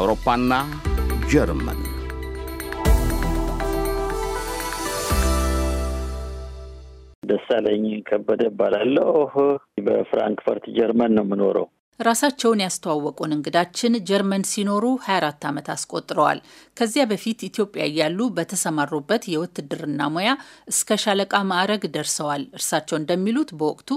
አውሮፓና ጀርመን ደሳለኝ ከበደ እባላለሁ። በፍራንክፈርት ጀርመን ነው የምኖረው። ራሳቸውን ያስተዋወቁን እንግዳችን ጀርመን ሲኖሩ 24 ዓመት አስቆጥረዋል። ከዚያ በፊት ኢትዮጵያ እያሉ በተሰማሩበት የውትድርና ሙያ እስከ ሻለቃ ማዕረግ ደርሰዋል። እርሳቸው እንደሚሉት በወቅቱ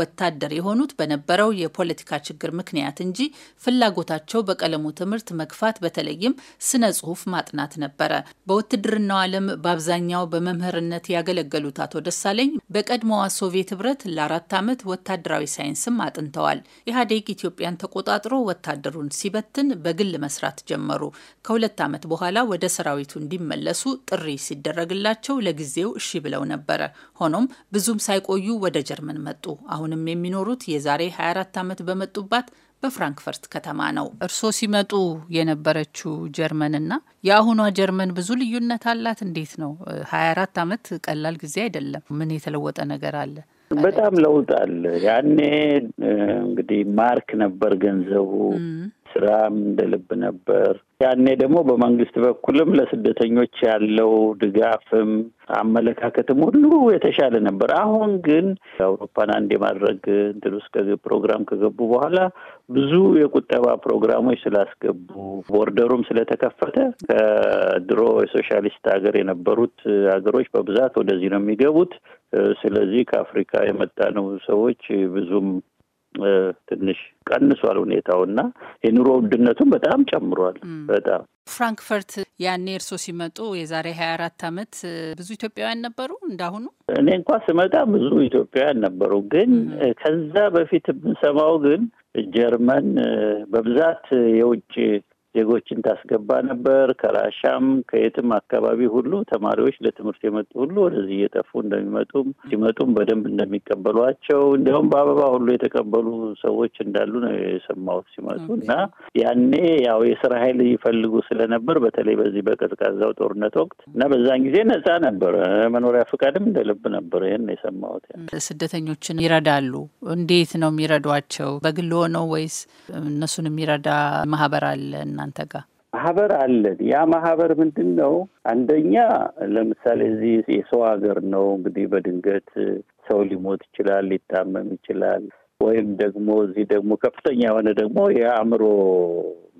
ወታደር የሆኑት በነበረው የፖለቲካ ችግር ምክንያት እንጂ ፍላጎታቸው በቀለሙ ትምህርት መግፋት፣ በተለይም ስነ ጽሁፍ ማጥናት ነበረ። በውትድርናው ዓለም በአብዛኛው በመምህርነት ያገለገሉት አቶ ደሳለኝ በቀድሞዋ ሶቪየት ህብረት ለአራት ዓመት ወታደራዊ ሳይንስም አጥንተዋል። ኢህአዴግ ኢትዮጵያን ተቆጣጥሮ ወታደሩን ሲበትን በግል መስራት ጀመሩ። ከሁለት ዓመት በኋላ ወደ ሰራዊቱ እንዲመለሱ ጥሪ ሲደረግላቸው ለጊዜው እሺ ብለው ነበረ። ሆኖም ብዙም ሳይቆዩ ወደ ጀርመን መጡ። አሁንም የሚኖሩት የዛሬ 24 ዓመት በመጡባት በፍራንክፈርት ከተማ ነው። እርስዎ ሲመጡ የነበረችው ጀርመንና የአሁኗ ጀርመን ብዙ ልዩነት አላት። እንዴት ነው? 24 ዓመት ቀላል ጊዜ አይደለም። ምን የተለወጠ ነገር አለ? በጣም ለውጥ አለ። ያኔ እንግዲህ ማርክ ነበር ገንዘቡ ስራም እንደ ልብ ነበር። ያኔ ደግሞ በመንግስት በኩልም ለስደተኞች ያለው ድጋፍም አመለካከትም ሁሉ የተሻለ ነበር። አሁን ግን አውሮፓን አንድ የማድረግ እንትን ውስጥ ፕሮግራም ከገቡ በኋላ ብዙ የቁጠባ ፕሮግራሞች ስላስገቡ ቦርደሩም ስለተከፈተ ከድሮ የሶሻሊስት ሀገር የነበሩት ሀገሮች በብዛት ወደዚህ ነው የሚገቡት። ስለዚህ ከአፍሪካ የመጣነው ሰዎች ብዙም ትንሽ ቀንሷል ሁኔታው እና የኑሮ ውድነቱን በጣም ጨምሯል። በጣም ፍራንክፈርት ያኔ እርሶ ሲመጡ የዛሬ ሀያ አራት አመት ብዙ ኢትዮጵያውያን ነበሩ። እንዳሁኑ እኔ እንኳ ስመጣ ብዙ ኢትዮጵያውያን ነበሩ። ግን ከዛ በፊት የምንሰማው ግን ጀርመን በብዛት የውጭ ዜጎችን ታስገባ ነበር። ከራሻም ከየትም አካባቢ ሁሉ ተማሪዎች ለትምህርት የመጡ ሁሉ ወደዚህ እየጠፉ እንደሚመጡም ሲመጡም በደንብ እንደሚቀበሏቸው እንዲያውም በአበባ ሁሉ የተቀበሉ ሰዎች እንዳሉ ነው የሰማሁት ሲመጡ እና ያኔ ያው የስራ ኃይል ይፈልጉ ስለነበር በተለይ በዚህ በቀዝቃዛው ጦርነት ወቅት እና በዛን ጊዜ ነጻ ነበር መኖሪያ ፈቃድም እንደልብ ነበር። ይህን የሰማሁት ስደተኞችን ይረዳሉ። እንዴት ነው የሚረዷቸው? በግል ሆነው ወይስ እነሱን የሚረዳ ማህበር አለ እና እናንተ ጋር ማህበር አለን። ያ ማህበር ምንድን ነው? አንደኛ ለምሳሌ እዚህ የሰው ሀገር ነው እንግዲህ በድንገት ሰው ሊሞት ይችላል፣ ሊታመም ይችላል። ወይም ደግሞ እዚህ ደግሞ ከፍተኛ የሆነ ደግሞ የአእምሮ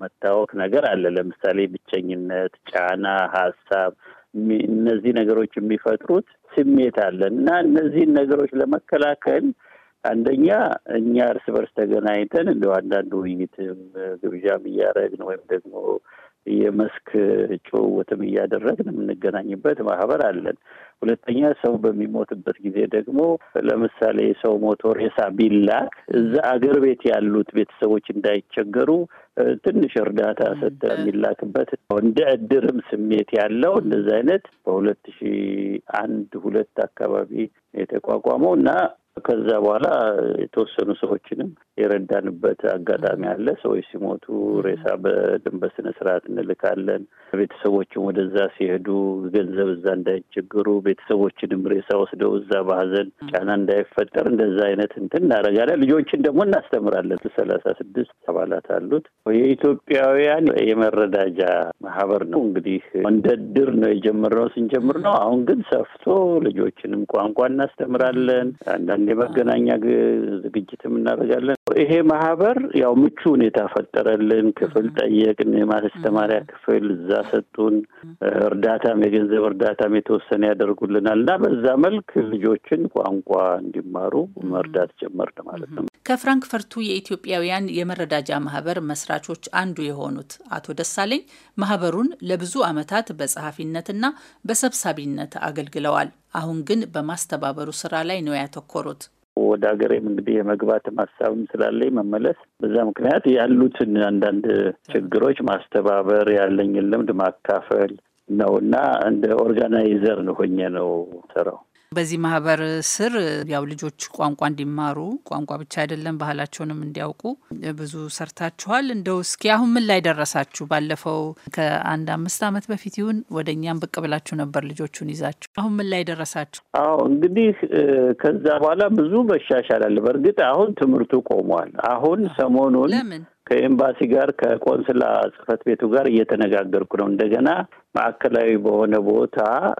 መታወክ ነገር አለ። ለምሳሌ ብቸኝነት፣ ጫና፣ ሀሳብ እነዚህ ነገሮች የሚፈጥሩት ስሜት አለ እና እነዚህን ነገሮች ለመከላከል አንደኛ እኛ እርስ በርስ ተገናኝተን እንደ አንዳንድ ውይይትም ግብዣም እያደረግን ወይም ደግሞ የመስክ ጭውውትም እያደረግን የምንገናኝበት ማህበር አለን። ሁለተኛ ሰው በሚሞትበት ጊዜ ደግሞ ለምሳሌ ሰው ሞቶ ሬሳ ቢላክ እዛ አገር ቤት ያሉት ቤተሰቦች እንዳይቸገሩ ትንሽ እርዳታ ሰጥ የሚላክበት እንደ እድርም ስሜት ያለው እንደዚህ አይነት በሁለት ሺ አንድ ሁለት አካባቢ የተቋቋመው እና ከዛ በኋላ የተወሰኑ ሰዎችንም የረዳንበት አጋጣሚ አለ። ሰዎች ሲሞቱ ሬሳ በደንብ በስነ ስርዓት እንልካለን። ቤተሰቦችን ወደዛ ሲሄዱ ገንዘብ እዛ እንዳይቸገሩ፣ ቤተሰቦችንም ሬሳ ወስደው እዛ በሀዘን ጫና እንዳይፈጠር እንደዛ አይነት እንትን እናደርጋለን። ልጆችን ደግሞ እናስተምራለን። ሰላሳ ስድስት አባላት አሉት። የኢትዮጵያውያን የመረዳጃ ማህበር ነው። እንግዲህ እንደ ድር ነው የጀመርነው ስንጀምር ነው። አሁን ግን ሰፍቶ ልጆችንም ቋንቋ እናስተምራለን አንዳንድ እናደርጋለን። የመገናኛ ዝግጅትም እናደርጋለን። ይሄ ማህበር ያው ምቹ ሁኔታ ፈጠረልን። ክፍል ጠየቅን፣ የማስተማሪያ ክፍል እዛ ሰጡን። እርዳታም የገንዘብ እርዳታም የተወሰነ ያደርጉልናል እና በዛ መልክ ልጆችን ቋንቋ እንዲማሩ መርዳት ጀመር ማለት ነው። ከፍራንክፈርቱ የኢትዮጵያውያን የመረዳጃ ማህበር መስራቾች አንዱ የሆኑት አቶ ደሳለኝ ማህበሩን ለብዙ ዓመታት በጸሐፊነትና በሰብሳቢነት አገልግለዋል። አሁን ግን በማስተባበሩ ስራ ላይ ነው ያተኮሩት። ወደ ሀገሬም እንግዲህ የመግባት ሀሳብም ስላለኝ መመለስ በዛ ምክንያት ያሉትን አንዳንድ ችግሮች ማስተባበር፣ ያለኝን ልምድ ማካፈል ነው እና እንደ ኦርጋናይዘር ነው ሆኜ ነው ሰራው በዚህ ማህበር ስር ያው ልጆች ቋንቋ እንዲማሩ ቋንቋ ብቻ አይደለም ባህላቸውንም እንዲያውቁ ብዙ ሰርታችኋል። እንደው እስኪ አሁን ምን ላይ ደረሳችሁ? ባለፈው ከአንድ አምስት ዓመት በፊት ይሁን ወደ እኛም ብቅ ብላችሁ ነበር ልጆቹን ይዛችሁ። አሁን ምን ላይ ደረሳችሁ? አዎ እንግዲህ ከዛ በኋላ ብዙ መሻሻል አለ። በእርግጥ አሁን ትምህርቱ ቆሟል። አሁን ሰሞኑን ለምን ከኤምባሲ ጋር ከቆንስላ ጽህፈት ቤቱ ጋር እየተነጋገርኩ ነው። እንደገና ማዕከላዊ በሆነ ቦታ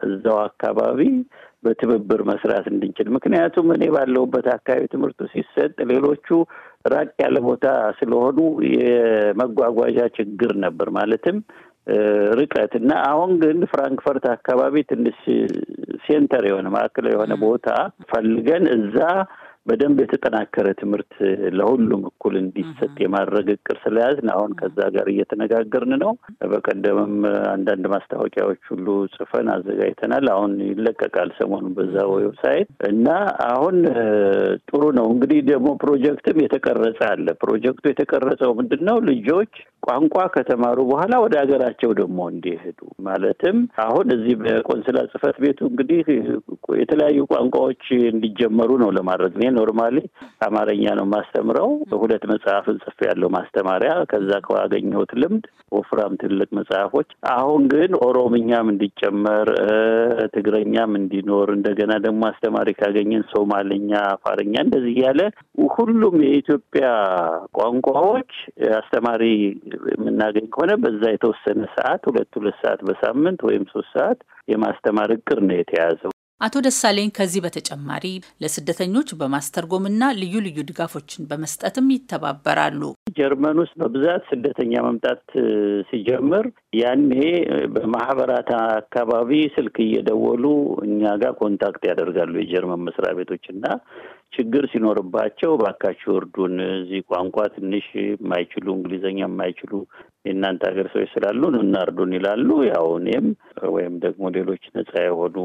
እዛው አካባቢ በትብብር መስራት እንድንችል። ምክንያቱም እኔ ባለሁበት አካባቢ ትምህርቱ ሲሰጥ ሌሎቹ ራቅ ያለ ቦታ ስለሆኑ የመጓጓዣ ችግር ነበር ማለትም ርቀት እና አሁን ግን ፍራንክፈርት አካባቢ ትንሽ ሴንተር የሆነ ማዕከል የሆነ ቦታ ፈልገን እዛ በደንብ የተጠናከረ ትምህርት ለሁሉም እኩል እንዲሰጥ የማድረግ እቅድ ስለያዝን አሁን ከዛ ጋር እየተነጋገርን ነው። በቀደምም አንዳንድ ማስታወቂያዎች ሁሉ ጽፈን አዘጋጅተናል። አሁን ይለቀቃል ሰሞኑ በዛ ዌብሳይት እና አሁን ጥሩ ነው። እንግዲህ ደግሞ ፕሮጀክትም የተቀረጸ አለ። ፕሮጀክቱ የተቀረጸው ምንድን ነው? ልጆች ቋንቋ ከተማሩ በኋላ ወደ ሀገራቸው ደግሞ እንዲሄዱ ማለትም አሁን እዚህ በቆንስላ ጽሕፈት ቤቱ እንግዲህ የተለያዩ ቋንቋዎች እንዲጀመሩ ነው ለማድረግ ኖርማሊ አማርኛ ነው ማስተምረው ሁለት መጽሐፍን ያለው ማስተማሪያ። ከዛ ካገኘሁት ልምድ ወፍራም ትልቅ መጽሐፎች። አሁን ግን ኦሮምኛም እንዲጨመር ትግረኛም እንዲኖር እንደገና ደግሞ አስተማሪ ካገኘን ሶማልኛ፣ አፋርኛ እንደዚህ እያለ ሁሉም የኢትዮጵያ ቋንቋዎች አስተማሪ የምናገኝ ከሆነ በዛ የተወሰነ ሰዓት ሁለት ሁለት ሰዓት በሳምንት ወይም ሶስት ሰዓት የማስተማር እቅድ ነው የተያዘው። አቶ ደሳለኝ ከዚህ በተጨማሪ ለስደተኞች በማስተርጎምና ልዩ ልዩ ድጋፎችን በመስጠትም ይተባበራሉ። ጀርመን ውስጥ በብዛት ስደተኛ መምጣት ሲጀምር ያኔ በማህበራት አካባቢ ስልክ እየደወሉ እኛ ጋር ኮንታክት ያደርጋሉ የጀርመን መስሪያ ቤቶች እና ችግር ሲኖርባቸው ባካችሁ እርዱን፣ እዚህ ቋንቋ ትንሽ የማይችሉ እንግሊዝኛ የማይችሉ የእናንተ ሀገር ሰዎች ስላሉ እናርዱን ይላሉ። ያው እኔም ወይም ደግሞ ሌሎች ነጻ የሆኑ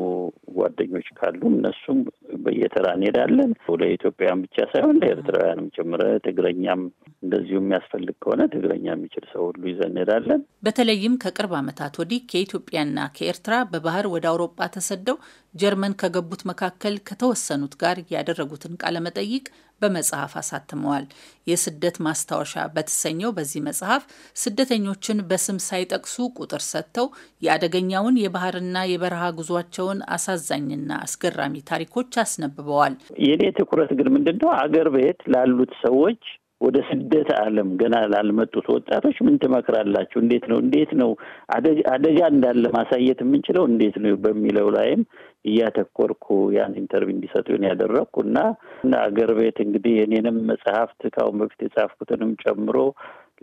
ጓደኞች ካሉ እነሱም በየተራ እንሄዳለን። ለኢትዮጵያውያን ብቻ ሳይሆን ለኤርትራውያንም ጭምረ ትግረኛም እንደዚሁ የሚያስፈልግ ከሆነ ትግረኛ የሚችል ሰው ሁሉ ይዘን እንሄዳለን። በተለይም ከቅርብ ዓመታት ወዲህ ከኢትዮጵያና ከኤርትራ በባህር ወደ አውሮጳ ተሰደው ጀርመን ከገቡት መካከል ከተወሰኑት ጋር ያደረጉትን ቃለመጠይቅ በመጽሐፍ አሳትመዋል። የስደት ማስታወሻ በተሰኘው በዚህ መጽሐፍ ስደተኞችን በስም ሳይጠቅሱ ቁጥር ሰጥተው የአደገኛውን የባህርና የበረሃ ጉዟቸውን አሳዛኝና አስገራሚ ታሪኮች አስነብበዋል። የኔ ትኩረት ግን ምንድን ነው አገር ቤት ላሉት ሰዎች ወደ ስደት ዓለም ገና ላልመጡት ወጣቶች ምን ትመክራላችሁ? እንዴት ነው እንዴት ነው አደጋ እንዳለ ማሳየት የምንችለው እንዴት ነው በሚለው ላይም እያተኮርኩ ያን ኢንተርቪው እንዲሰጡን ያደረግኩ እና እና አገር ቤት እንግዲህ የኔንም መጽሐፍት ካሁን በፊት የጻፍኩትንም ጨምሮ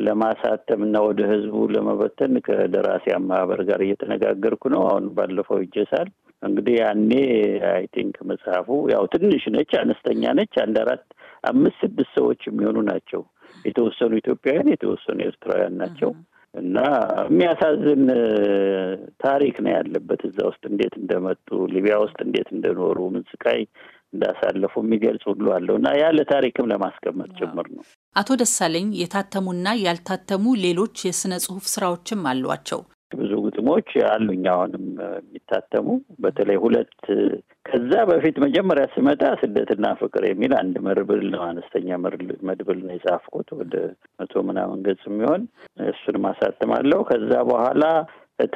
ለማሳተም እና ወደ ህዝቡ ለመበተን ከደራሲያን ማህበር ጋር እየተነጋገርኩ ነው። አሁን ባለፈው ይጀሳል እንግዲህ ያኔ አይ ቲንክ መጽሐፉ ያው ትንሽ ነች፣ አነስተኛ ነች። አንድ አራት አምስት ስድስት ሰዎች የሚሆኑ ናቸው። የተወሰኑ ኢትዮጵያውያን፣ የተወሰኑ ኤርትራውያን ናቸው እና የሚያሳዝን ታሪክ ነው ያለበት እዛ ውስጥ እንዴት እንደመጡ ሊቢያ ውስጥ እንዴት እንደኖሩ ምን ስቃይ እንዳሳለፉ የሚገልጽ ሁሉ አለው እና ያለ ታሪክም ለማስቀመጥ ጭምር ነው። አቶ ደሳለኝ የታተሙና ያልታተሙ ሌሎች የስነ ጽሁፍ ስራዎችም አሏቸው። ግጥሞች አሉኝ አሁንም የሚታተሙ በተለይ ሁለት ከዛ በፊት መጀመሪያ ስመጣ ስደትና ፍቅር የሚል አንድ መርብል ነው አነስተኛ መድብል ነው የጻፍኩት ወደ መቶ ምናምን ገጽ የሚሆን እሱን ማሳተማለሁ። ከዛ በኋላ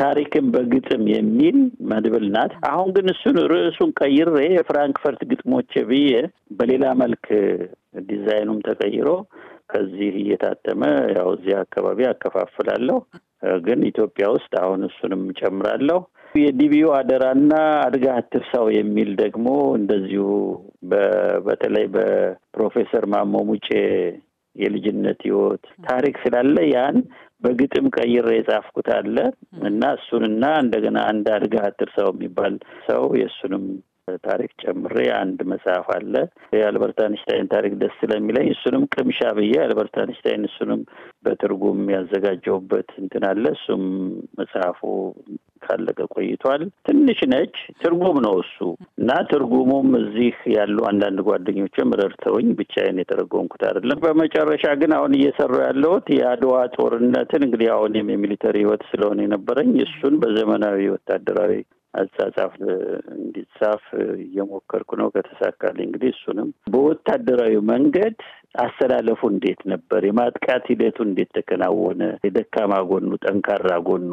ታሪክን በግጥም የሚል መድብል ናት። አሁን ግን እሱን ርዕሱን ቀይሬ የፍራንክፈርት ግጥሞች ብዬ በሌላ መልክ ዲዛይኑም ተቀይሮ ከዚህ እየታተመ ያው እዚህ አካባቢ አከፋፍላለሁ። ግን ኢትዮጵያ ውስጥ አሁን እሱንም ጨምራለሁ የዲቪዮ አደራና አድጋ አትርሳው የሚል ደግሞ እንደዚሁ በተለይ በፕሮፌሰር ማሞ ሙጬ የልጅነት ህይወት ታሪክ ስላለ ያን በግጥም ቀይሬ የጻፍኩት አለ እና እሱንና እንደገና አንድ አድጋ አትርሳው የሚባል ሰው የእሱንም ታሪክ ጨምሬ አንድ መጽሐፍ አለ። የአልበርት አንሽታይን ታሪክ ደስ ስለሚለኝ እሱንም ቅምሻ ብዬ አልበርት አንሽታይን እሱንም በትርጉም ያዘጋጀውበት እንትን አለ። እሱም መጽሐፉ ካለቀ ቆይቷል። ትንሽ ነች፣ ትርጉም ነው እሱ እና ትርጉሙም እዚህ ያሉ አንዳንድ ጓደኞችም ረድተውኝ ብቻዬን የተረጎምኩት አይደለም። በመጨረሻ ግን አሁን እየሰራ ያለሁት የአድዋ ጦርነትን እንግዲህ አሁን የሚሊተሪ ህይወት ስለሆነ የነበረኝ እሱን በዘመናዊ ወታደራዊ አጻጻፍ እንዲጻፍ እየሞከርኩ ነው። ከተሳካልኝ እንግዲህ እሱንም በወታደራዊ መንገድ አሰላለፉ እንዴት ነበር? የማጥቃት ሂደቱ እንዴት ተከናወነ? የደካማ ጎኑ፣ ጠንካራ ጎኑ፣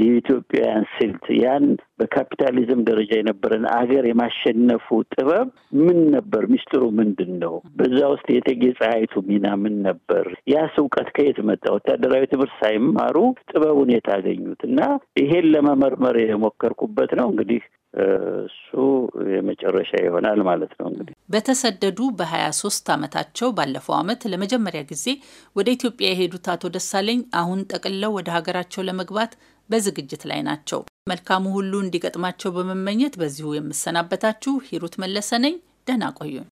የኢትዮጵያውያን ስልት ያን በካፒታሊዝም ደረጃ የነበረን አገር የማሸነፉ ጥበብ ምን ነበር? ሚስጥሩ ምንድን ነው? በዛ ውስጥ የእቴጌ ፀሐይቱ ሚና ምን ነበር? ያስ እውቀት ከየት መጣ? ወታደራዊ ትምህርት ሳይማሩ ጥበቡን የታገኙት እና ይሄን ለመመርመር የሞከርኩበት ነው። እንግዲህ እሱ የመጨረሻ ይሆናል ማለት ነው እንግዲህ በተሰደዱ በ23 ዓመታቸው ባለፈው ዓመት ለመጀመሪያ ጊዜ ወደ ኢትዮጵያ የሄዱት አቶ ደሳለኝ አሁን ጠቅልለው ወደ ሀገራቸው ለመግባት በዝግጅት ላይ ናቸው። መልካሙ ሁሉ እንዲገጥማቸው በመመኘት በዚሁ የምሰናበታችሁ ሂሩት መለሰ ነኝ። ደህና ቆዩን።